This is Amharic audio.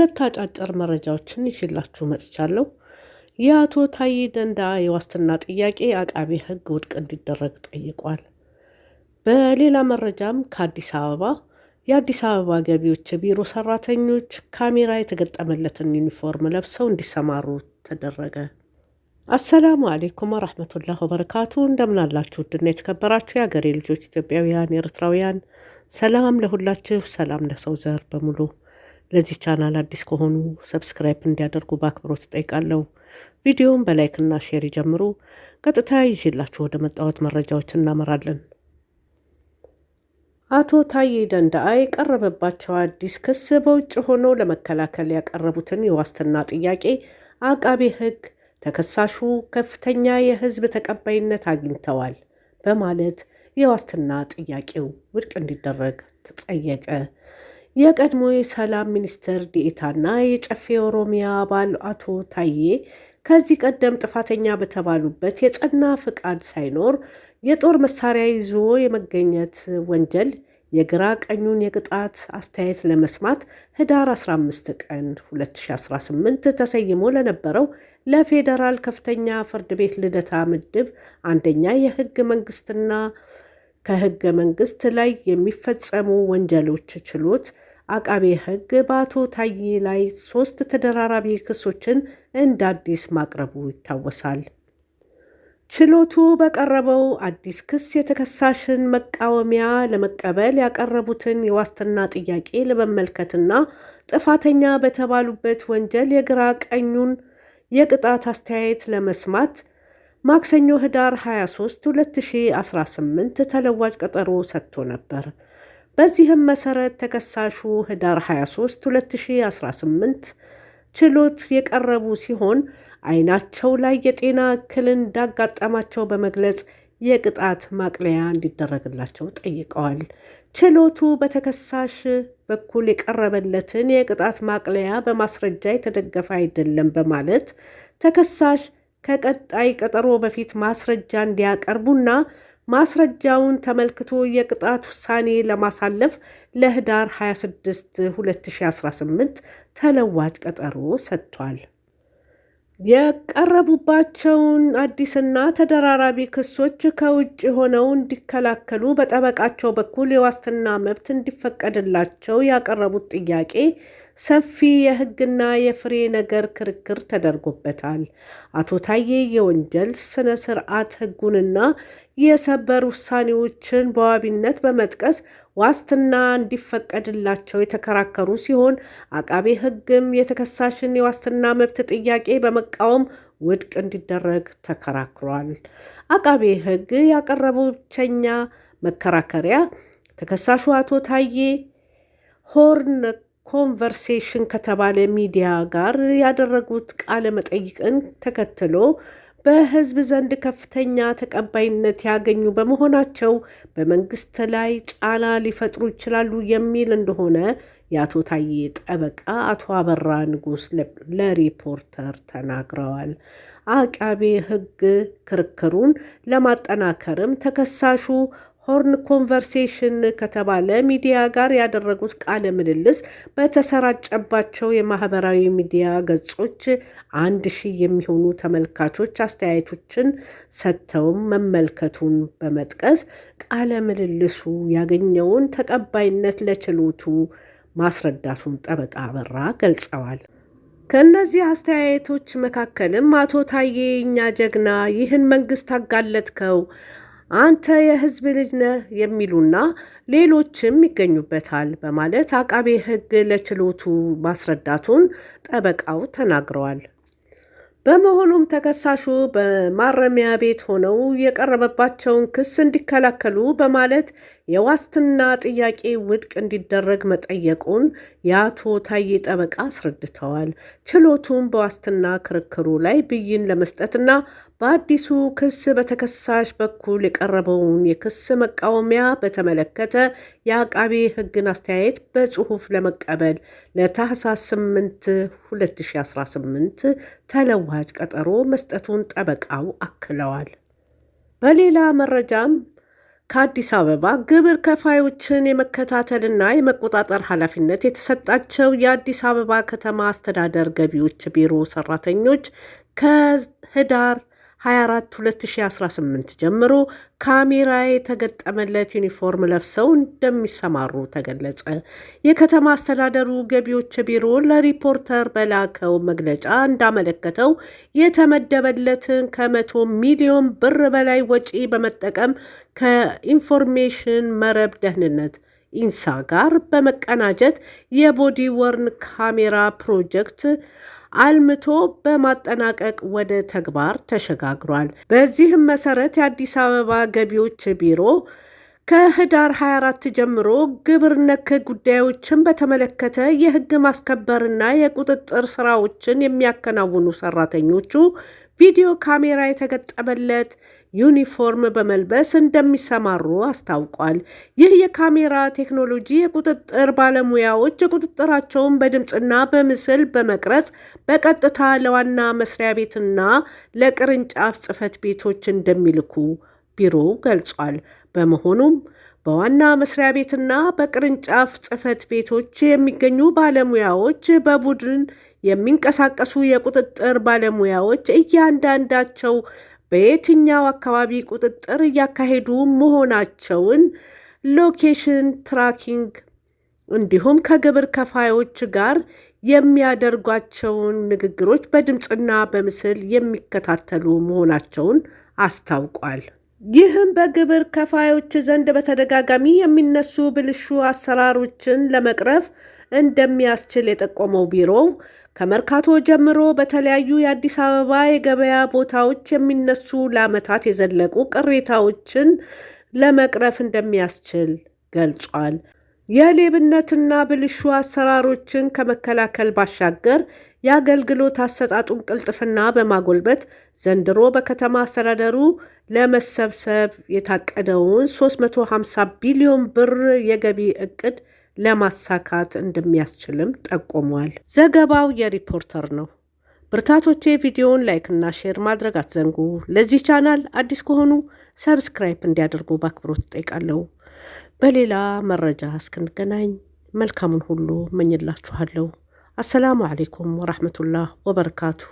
ሁለት አጫጭር መረጃዎችን ይችላችሁ መጥቻለሁ። የአቶ ታዬ ደንዳ የዋስትና ጥያቄ አቃቤ ሕግ ውድቅ እንዲደረግ ጠይቋል። በሌላ መረጃም ከአዲስ አበባ የአዲስ አበባ ገቢዎች ቢሮ ሰራተኞች ካሜራ የተገጠመለትን ዩኒፎርም ለብሰው እንዲሰማሩ ተደረገ። አሰላሙ አሌይኩም ወረሕመቱላህ ወበረካቱ። እንደምናላችሁ ውድና የተከበራችሁ የአገሬ ልጆች ኢትዮጵያውያን፣ ኤርትራውያን፣ ሰላም ለሁላችሁ፣ ሰላም ለሰው ዘር በሙሉ ለዚህ ቻናል አዲስ ከሆኑ ሰብስክራይብ እንዲያደርጉ በአክብሮት እጠይቃለሁ። ቪዲዮውን በላይክና ሼር ይጀምሩ። ቀጥታ ይዤላችሁ ወደ መጣሁት መረጃዎች እናመራለን። አቶ ታዬ ደንደአ የቀረበባቸው አዲስ ክስ በውጭ ሆነው ለመከላከል ያቀረቡትን የዋስትና ጥያቄ አቃቤ ሕግ ተከሳሹ ከፍተኛ የሕዝብ ተቀባይነት አግኝተዋል በማለት የዋስትና ጥያቄው ውድቅ እንዲደረግ ተጠየቀ። የቀድሞ የሰላም ሚኒስትር ዴኤታና የጨፌ ኦሮሚያ አባል አቶ ታዬ ከዚህ ቀደም ጥፋተኛ በተባሉበት የጸና ፍቃድ ሳይኖር የጦር መሳሪያ ይዞ የመገኘት ወንጀል የግራ ቀኙን የቅጣት አስተያየት ለመስማት ህዳር 15 ቀን 2018 ተሰይሞ ለነበረው ለፌዴራል ከፍተኛ ፍርድ ቤት ልደታ ምድብ አንደኛ የህግ መንግስትና ከህገ መንግስት ላይ የሚፈጸሙ ወንጀሎች ችሎት አቃቤ ሕግ በአቶ ታዬ ላይ ሶስት ተደራራቢ ክሶችን እንደ አዲስ ማቅረቡ ይታወሳል። ችሎቱ በቀረበው አዲስ ክስ የተከሳሽን መቃወሚያ ለመቀበል ያቀረቡትን የዋስትና ጥያቄ ለመመልከትና ጥፋተኛ በተባሉበት ወንጀል የግራ ቀኙን የቅጣት አስተያየት ለመስማት ማክሰኞ ህዳር 23 2018 ተለዋጭ ቀጠሮ ሰጥቶ ነበር። በዚህም መሰረት ተከሳሹ ህዳር 23 2018 ችሎት የቀረቡ ሲሆን አይናቸው ላይ የጤና እክል እንዳጋጠማቸው በመግለጽ የቅጣት ማቅለያ እንዲደረግላቸው ጠይቀዋል። ችሎቱ በተከሳሽ በኩል የቀረበለትን የቅጣት ማቅለያ በማስረጃ የተደገፈ አይደለም በማለት ተከሳሽ ከቀጣይ ቀጠሮ በፊት ማስረጃ እንዲያቀርቡና ማስረጃውን ተመልክቶ የቅጣት ውሳኔ ለማሳለፍ ለህዳር 26 2018 ተለዋጭ ቀጠሮ ሰጥቷል። የቀረቡባቸውን አዲስና ተደራራቢ ክሶች ከውጭ ሆነው እንዲከላከሉ በጠበቃቸው በኩል የዋስትና መብት እንዲፈቀድላቸው ያቀረቡት ጥያቄ ሰፊ የሕግና የፍሬ ነገር ክርክር ተደርጎበታል። አቶ ታዬ የወንጀል ስነ ስርዓት ሕጉንና የሰበር ውሳኔዎችን በዋቢነት በመጥቀስ ዋስትና እንዲፈቀድላቸው የተከራከሩ ሲሆን አቃቤ ሕግም የተከሳሽን የዋስትና መብት ጥያቄ በመቃወም ውድቅ እንዲደረግ ተከራክሯል። አቃቤ ሕግ ያቀረበው ብቸኛ መከራከሪያ ተከሳሹ አቶ ታዬ ሆርን ኮንቨርሴሽን ከተባለ ሚዲያ ጋር ያደረጉት ቃለ መጠይቅን ተከትሎ በህዝብ ዘንድ ከፍተኛ ተቀባይነት ያገኙ በመሆናቸው በመንግስት ላይ ጫና ሊፈጥሩ ይችላሉ የሚል እንደሆነ የአቶ ታዬ ጠበቃ አቶ አበራ ንጉስ ለሪፖርተር ተናግረዋል። አቃቤ ህግ ክርክሩን ለማጠናከርም ተከሳሹ ሆርን ኮንቨርሴሽን ከተባለ ሚዲያ ጋር ያደረጉት ቃለ ምልልስ በተሰራጨባቸው የማህበራዊ ሚዲያ ገጾች አንድ ሺህ የሚሆኑ ተመልካቾች አስተያየቶችን ሰጥተውም መመልከቱን በመጥቀስ ቃለ ምልልሱ ያገኘውን ተቀባይነት ለችሎቱ ማስረዳቱን ጠበቃ አበራ ገልጸዋል። ከእነዚህ አስተያየቶች መካከልም አቶ ታዬ እኛ ጀግና፣ ይህን መንግስት አጋለጥከው፣ አንተ የህዝብ ልጅ ነህ የሚሉና ሌሎችም ይገኙበታል በማለት አቃቤ ህግ ለችሎቱ ማስረዳቱን ጠበቃው ተናግረዋል። በመሆኑም ተከሳሹ በማረሚያ ቤት ሆነው የቀረበባቸውን ክስ እንዲከላከሉ በማለት የዋስትና ጥያቄ ውድቅ እንዲደረግ መጠየቁን የአቶ ታዬ ጠበቃ አስረድተዋል። ችሎቱም በዋስትና ክርክሩ ላይ ብይን ለመስጠትና በአዲሱ ክስ በተከሳሽ በኩል የቀረበውን የክስ መቃወሚያ በተመለከተ የአቃቤ ሕግን አስተያየት በጽሑፍ ለመቀበል ለታህሳስ 8 2018 ተለዋጭ ቀጠሮ መስጠቱን ጠበቃው አክለዋል። በሌላ መረጃም ከአዲስ አበባ ግብር ከፋዮችን የመከታተልና የመቆጣጠር ኃላፊነት የተሰጣቸው የአዲስ አበባ ከተማ አስተዳደር ገቢዎች ቢሮ ሰራተኞች ከህዳር 24 2018 ጀምሮ ካሜራ የተገጠመለት ዩኒፎርም ለብሰው እንደሚሰማሩ ተገለጸ። የከተማ አስተዳደሩ ገቢዎች ቢሮ ለሪፖርተር በላከው መግለጫ እንዳመለከተው የተመደበለትን ከመቶ ሚሊዮን ብር በላይ ወጪ በመጠቀም ከኢንፎርሜሽን መረብ ደህንነት ኢንሳ ጋር በመቀናጀት የቦዲ ወርን ካሜራ ፕሮጀክት አልምቶ በማጠናቀቅ ወደ ተግባር ተሸጋግሯል። በዚህም መሰረት የአዲስ አበባ ገቢዎች ቢሮ ከህዳር 24 ጀምሮ ግብር ነክ ጉዳዮችን በተመለከተ የህግ ማስከበርና የቁጥጥር ስራዎችን የሚያከናውኑ ሰራተኞቹ ቪዲዮ ካሜራ የተገጠመለት ዩኒፎርም በመልበስ እንደሚሰማሩ አስታውቋል። ይህ የካሜራ ቴክኖሎጂ የቁጥጥር ባለሙያዎች ቁጥጥራቸውን በድምፅና በምስል በመቅረጽ በቀጥታ ለዋና መስሪያ ቤትና ለቅርንጫፍ ጽህፈት ቤቶች እንደሚልኩ ቢሮው ገልጿል። በመሆኑም በዋና መስሪያ ቤትና በቅርንጫፍ ጽህፈት ቤቶች የሚገኙ ባለሙያዎች በቡድን የሚንቀሳቀሱ የቁጥጥር ባለሙያዎች እያንዳንዳቸው በየትኛው አካባቢ ቁጥጥር እያካሄዱ መሆናቸውን ሎኬሽን ትራኪንግ እንዲሁም ከግብር ከፋዮች ጋር የሚያደርጓቸውን ንግግሮች በድምፅና በምስል የሚከታተሉ መሆናቸውን አስታውቋል። ይህም በግብር ከፋዮች ዘንድ በተደጋጋሚ የሚነሱ ብልሹ አሰራሮችን ለመቅረፍ እንደሚያስችል የጠቆመው ቢሮው ከመርካቶ ጀምሮ በተለያዩ የአዲስ አበባ የገበያ ቦታዎች የሚነሱ ለዓመታት የዘለቁ ቅሬታዎችን ለመቅረፍ እንደሚያስችል ገልጿል። የሌብነትና ብልሹ አሰራሮችን ከመከላከል ባሻገር የአገልግሎት አሰጣጡን ቅልጥፍና በማጎልበት ዘንድሮ በከተማ አስተዳደሩ ለመሰብሰብ የታቀደውን 350 ቢሊዮን ብር የገቢ እቅድ። ለማሳካት እንደሚያስችልም ጠቁሟል። ዘገባው የሪፖርተር ነው። ብርታቶቼ ቪዲዮውን እና ሼር ማድረግ አትዘንጉ። ለዚህ ቻናል አዲስ ከሆኑ ሰብስክራይብ እንዲያደርጉ በአክብሮት እጠይቃለሁ። በሌላ መረጃ እስክንገናኝ መልካሙን ሁሉ መኝላችኋለሁ። አሰላሙ አሌይኩም ወራህመቱላህ ወበረካቱ።